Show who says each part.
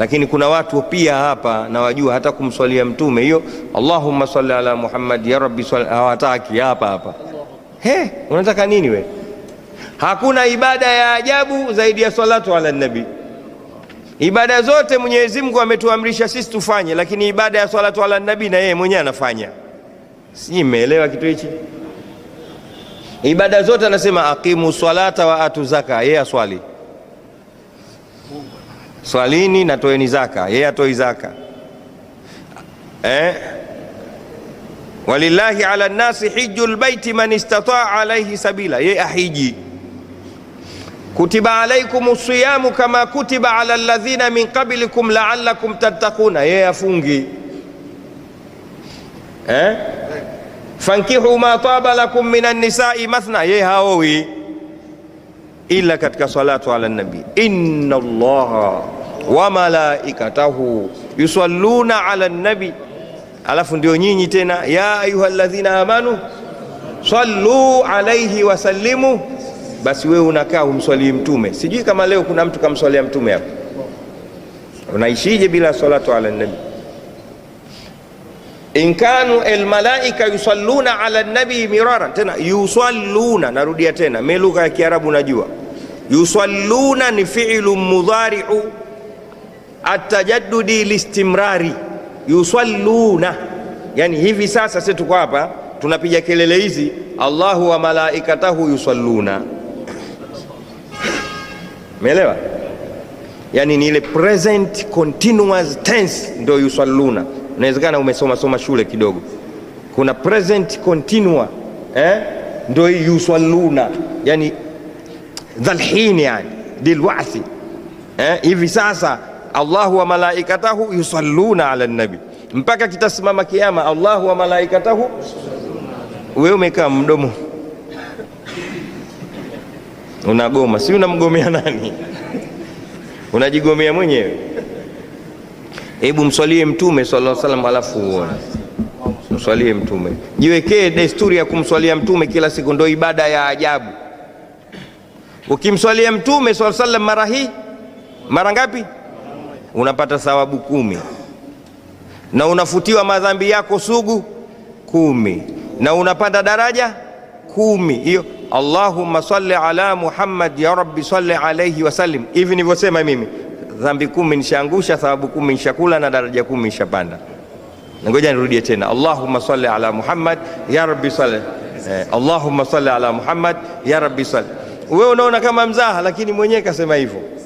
Speaker 1: Lakini kuna watu pia hapa nawajua, hata kumswalia mtume hiyo Allahumma salli ala Muhammad ya rabbi swali, hawataki hapa hapa. He, unataka nini we? Hakuna ibada ya ajabu zaidi ya salatu ala nabi. Ibada zote Mwenyezi Mungu ametuamrisha sisi tufanye, lakini ibada ya salatu ala nabi na yeye mwenyewe anafanya. si mmeelewa kitu hichi? Ibada zote anasema aqimu salata wa atu zaka, yeye aswali swalini na toeni zaka, yeye atoi zaka eh? walillahi ala nnasi hiju lbaiti man istataa alaihi sabila, yeye ahiji. Kutiba alaikum siyamu kama kutiba ala ladhina min qablikum laalakum tattakuna, yeye afungi eh? fankihu ma taba lakum min annisai mathna, yeye haowi ila katika salatu ala nabi inna allaha wa malaikatahu yusalluna ala nabi. Alafu ndio nyinyi tena, ya ayuhalladhina amanu sallu alaihi sallimu. Basi wewe unakaa umswalii Mtume. Sijui kama leo kuna mtu kamswalia Mtume hapo, unaishije bila salatu ala nabi? in kanu almalaika yusalluna ala nabi miraran, tena yusalluna. Narudia tena, mimi lugha ya Kiarabu najua. Yusalluna ni fi'lu mudhariu atajadudi listimrari yusalluna, yani hivi sasa sisi tuko hapa tunapiga kelele hizi, Allahu wa malaikatahu yusalluna, umeelewa? Yani ni ile present continuous tense ndio yusalluna. unawezekana umesoma soma shule kidogo, kuna present continua eh, ndio yusalluna, yani dhalhin, yani dilwaqti eh, hivi sasa Allahu wa malaikatahu yusalluna ala nabi, mpaka kitasimama kiama. Allahu wa malaikatahu, wewe umekaa mdomo unagoma, si unamgomea nani? Unajigomea mwenyewe. Hebu mswalie Mtume sallallahu alaihi wasallam, alafu uone. Mswalie Mtume, jiwekee desturi ya kumswalia Mtume kila siku, ndio ibada ya ajabu. Ukimswalia Mtume sallallahu alaihi wasallam mara hii mara ngapi? unapata thawabu kumi na unafutiwa madhambi yako sugu kumi na unapanda daraja kumi. Hiyo Allahumma salli ala Muhammad ya rabbi salli alayhi wasallim. Hivi nilivyosema mimi, dhambi kumi nishaangusha, thawabu kumi nishakula, na daraja kumi nishapanda. Ngoja nirudie tena, Allahumma salli ala Muhammad ya rabbi salli eh, Allahumma salli ala Muhammad ya rabbi salli. Wewe unaona kama mzaha, lakini mwenyewe kasema hivyo.